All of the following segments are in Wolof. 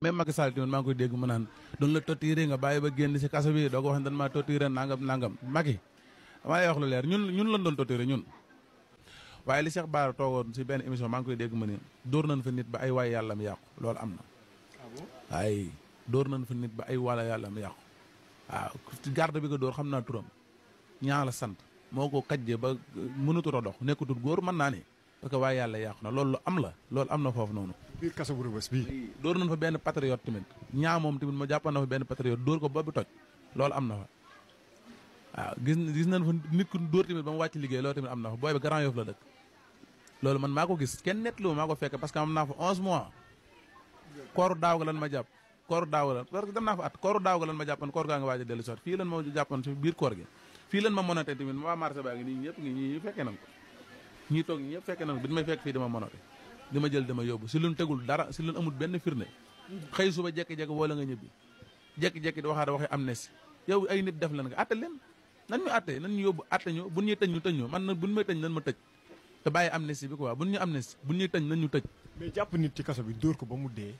même Macky Sall tamit maa ngi koy dégg mu naan doon la torturé nga bàyyi ba génn si kaso bi doo ko wax ne dañ maa torturé nangam nangam Macky maa lay wax lu leer ñun ñun lañ doon torturé ñun. waaye li Cheikh Bara toogoon si benn émission maa ngi koy dégg mu ne dóor nañ fa nit ba ay waay yàlla mu yàqu loolu am na. Ah ay dóor nañ fa nit ba ay wala yàlla mu yàqu. waaw garde bi ko dóor xam naa turam ñaa la sant moo ko kajje ba mënatut a dox nekkatul góor mën naa ne parce que waay yàlla yàqu na loolu am la loolu am na foofu noonu. biir kaso bu rëbës bii. dóor nañ fa benn patriote tamit ñaa moom tamit ma jàppoon na fa benn patriote dóor ko ba bu toj loolu am na fa waaw gis gis nañ fa nit ku dóor tamit ba mu wàcc liggéey loolu tamit am na fa booy bi Grand Yoff la dëkk. loolu man maa ko gis kenn nett lu maa ko fekk parce que am naa fa 11 mois. kooru daaw ga lan ma jàpp kooru daaw lan parce que dem naa fa at kooru daaw ga lan ma jàppoon koor gaa nga waaj a dellu sot fii lan ma jàppoon bi li ma jël dama yóbbu si luñ tegul dara si luñ amul benn firnde xëy suba jekki-jekki woo la nga ñibbi jekki-jekki di waxaat waxee amnistie yow ay nit def leen nga àtte leen nan ñu àtte nan ñu yóbbu àtte ñu bu ñuy tëj ñu tëj ñu man na buñ may tëj nan ma tëj te bàyyi amnistie bi quoi buñ ñu amnistie buñ ñuy tëj nan ñu tëj mais jàpp nit ci kaso bi dóor ko ba mu dee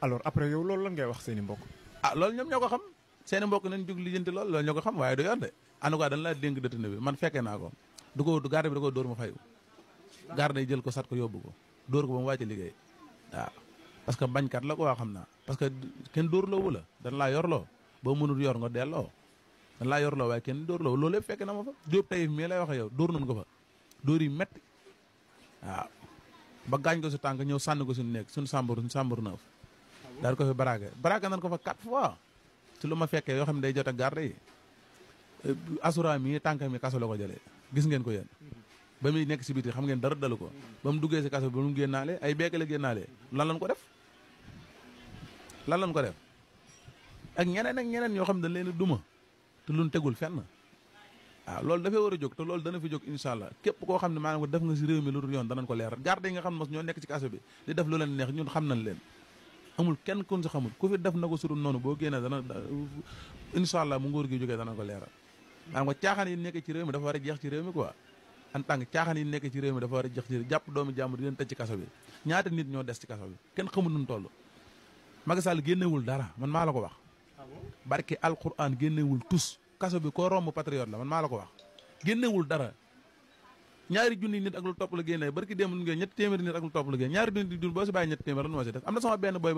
alors après yow loolu lan ngay wax seen i mbokk a ah, loolu ñoom ñoo ko xam seen i mbokk nañ jug lijjanti loolu loolu ñoo xam waaye du yoon de en tout cas dañ laa dénk détenu bi man fekkee naa da ko dóor ma fayu garde yi jël ko sat ko yóbbu ko dóor ko ba mu wàcc liggéey waaw parce que bañkat la ko waa xam naa parce que kenn dóorloo wu la dan laa yorloo boo mënul yor nga delloo dan laa yorloo waaye kenn dóorloo loolu yëpp fekk na ma fa Diop tey mii lay wax yow dóor nañ ko fa dóor yi métti waaw ba gaañ ko su tànk ñëw sànni ko suñu nekk suñu sàmbur suñu sàmbur neuf daal ko fi baraage baraage nañ ko fa quatre fois ci lu ma fekkee yoo xam ne day jot a garde yi asura mi tànk mi kaso la ko jëlee ngeen ko yéen ba muy nekk si biti xam ngeen dara dalu ko ba mu duggee si kaso bi ba mu génnaale ay beek la génnaale lan lan ko def lan lan ko def ak ñeneen ak ñeneen yoo xam ne leen leen duma te luñ tegul fenn waaw ah, loolu dafay war a jóg te loolu dana fi jóg incha allah képp koo xam ne maa maanaam ko def nga si réew mi lu dul yoon danañ ko leer garde yi nga xam ne mos ñoo nekk si kaso bi di def lu leen neex ñun xam nañ leen amul kenn kun si xamul ku fi def na ko sudul noonu boo génnee dana incha allah mu nguur gi jógee dana ko leeral maanaam ko caaxaan yi nekk ci réew mi dafa war a jeex ci réew mi en tant que yi nekk ci réew mi dafa war a jëx ci jàpp doomu jàmbur di leen tëj ci kaso bi ñaata nit ñoo des ci kaso bi kenn xamul nu mu toll Macky Sall dara man maa la ko wax ah barke alquran génnewul tus kaso bi koo romb patriote la man maa la ko wax génnewul dara ñaari junni nit ak lu topp la génne barki démb nu ngeen téeméeri nit ak lu topp la génne ñaari junni nit boo si bàyyi ñetti téeméer lan si des am na sama benn boy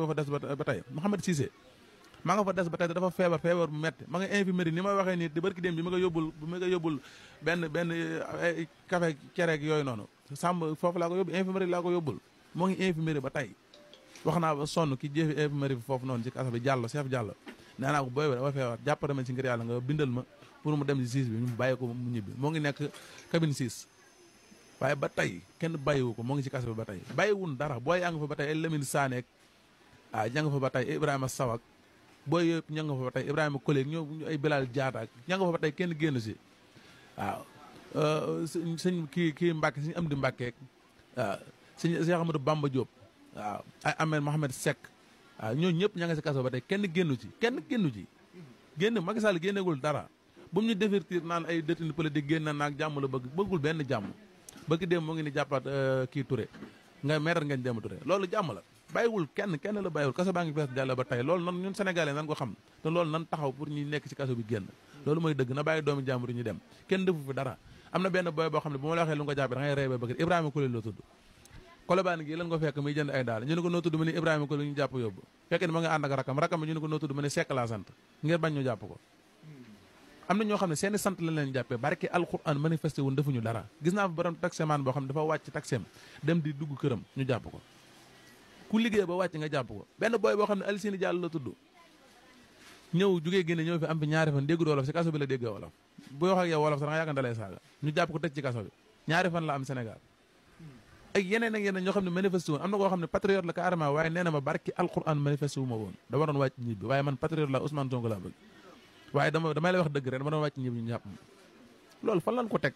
ma nga fa des ba tey dafa feebar feebar bu metti ma nga infirmerie ni ma waxee nii di barki dem bi ma nga yóbbul bi ma nga yóbbul benn benn café cereeg yooyu noonu sàmm foofu laa ko yóbbu infirmerie laa ko yóbbul moo ngi infirmerie ba tey wax naa ba sonn ki jëfi infirmerie bi foofu noonu ci kasa bi jàllo chef jàllo nee naa ko booy ba dafa feebar jàppale ma ci ngir yàlla nga bindal ma pour mu dem ci 6 bi ñu bàyyi ko mu ñibbi moo ngi nekk cabine 6 ba tey kenn bàyyiwu ko moo ngi ci kasa bi ba tey bàyyiwun dara booy yaa nga ba tey ay Lamine ah yaa nga ba tey Ibrahima Sawak boo yëpp ña nga fa ba tey Ibrahima Kole ñoo ay Bilal Diatta ña nga fa ba tey kenn génn si waaw euh, sëñ kii kii Mbacke sëñ am Mbacke waaw sëñ Cheikh Amadou Bamba Diop waaw ay Ahmed Mohamed Seck waaw ñooñu ñëpp ña nga si kaso ba tey kenn génn ci kenn génnu ci génn Macky Sall génneegul dara bu mu ñu divertir naan ay détenu politique génn naag jàmm la bëgg bëggul benn jàmm bëgg dem mu ngi ni jàppaat euh, kii Touré nga maire ngeen dem Touré loolu jàmm la bàyyiwul kenn kenn la bàyyiwul kaso baa ngi fees jàll ba tey loolu nan ñun sénégalais nan ko xam te loolu nan taxaw pour ñuy nekk ci kaso bi génn loolu mooy dëgg na bàyyi doomi jàmbur ñu dem kenn defu fi dara am na benn boy boo xam ne bu ma la waxee lu nga ko jàppee da ngay rey ba bëgg Ibrahima Koulé la tudd kolobaan gi lan ko fekk muy jënd ay daal ñu ne ko noo tudd ma ne Ibrahima Koulé ñu jàpp yóbbu fekk ni ma nga ànd ko noo tudd ma ñu jàpp xam ne seeni sant lañ leen jàppee barke alquran manifesté wuñ defuñu dara gis jàpp ko ku liggéey ba wàcc nga jàpp ko benn booy boo xam ne Alseyni Diallo la tudd ñëw jugee génne ñëw fi am fi ñaari fan déggu wolof si kaso bi la déggee wolof buy wax ak yow wolof sax nga yaakaar dalay saaga ñu jàpp ko tëj ci kaso bi ñaari fan la am Sénégal ak yeneen ak yeneen ñoo xam ne manifesté woon am na koo xam ne patriote la carrément waaye nee na ma barki alquran manifesté wu ma woon dama doon wàcc ñibbi waaye man patriote la Ousmane Sonko laa bëgg waaye wax dëgg rek dama doon wàcc ñibbi loolu fan lañ ko teg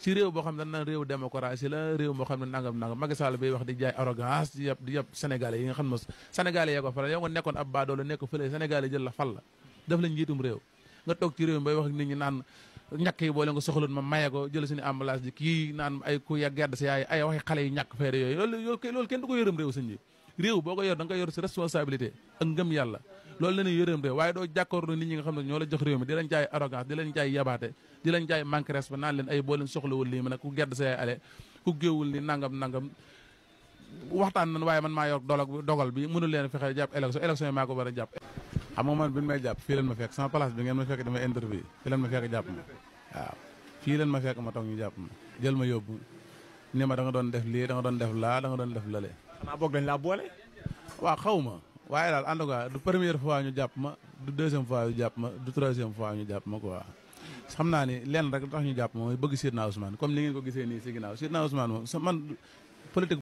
ci réew boo xam ne dañ naan réew démocratie la réew moo xam ne nangam nangam Macky Sall bay wax di jaay arrogance di yab di yab sénégalais yi nga xam ne sénégalais ya ko faral yow nga nekkoon ab baadoola nekk fële sénégalais jël la fal la daf la njiitum réew nga toog ci réew mi bay wax nit ñi naan ñàkk yi boole nga soxaloon ma maye ko jël suñu ambulance ji kii naan ay ku ya gedd sa yaay ay waxi xale yu ñàkk fayda yooyu loolu kenn du ko yërëm réew sëñ ji réew boo ko yor da nga koy yor si responsabilité yàlla loolu la ñuy yërëm waaye doo jàkkoorlu nit ñi nga xam ne ñoo la jox réew mi di leen jaay arrogance di leen jaay yabaate di leen jaay manque respect naan leen ay boo leen soxlawul lii ma ne ku gedd sa yaay ale ku géewul ni nangam nangam waxtaan nan waaye man maa yor dolog dogal bi mënul leen fexe jàpp élection élection yi maa ko war a jàpp xam nga may jàpp fii leen ma feek sama place bi ngeen ma fekk dama interview fii leen ma waaw fii leen ma fekk ma toog ñu jàpp ma jël ma yóbbu ni ma da doon def lii da nga doon def laa da nga doon def lale xanaa boog laa boole waaw xaw ma waaye daal en tout cas du première fois ñu jàpp ma du deuxième fois ñu jàpp ma du troisième fois ñu jàpp ma quoi. xam naa ni lenn rek tax ñu jàpp ma mooy bëgg Seydina Ousmane comme ni ngeen ko gisee nii si ginnaaw Seydina Ousmane moom sa man politique.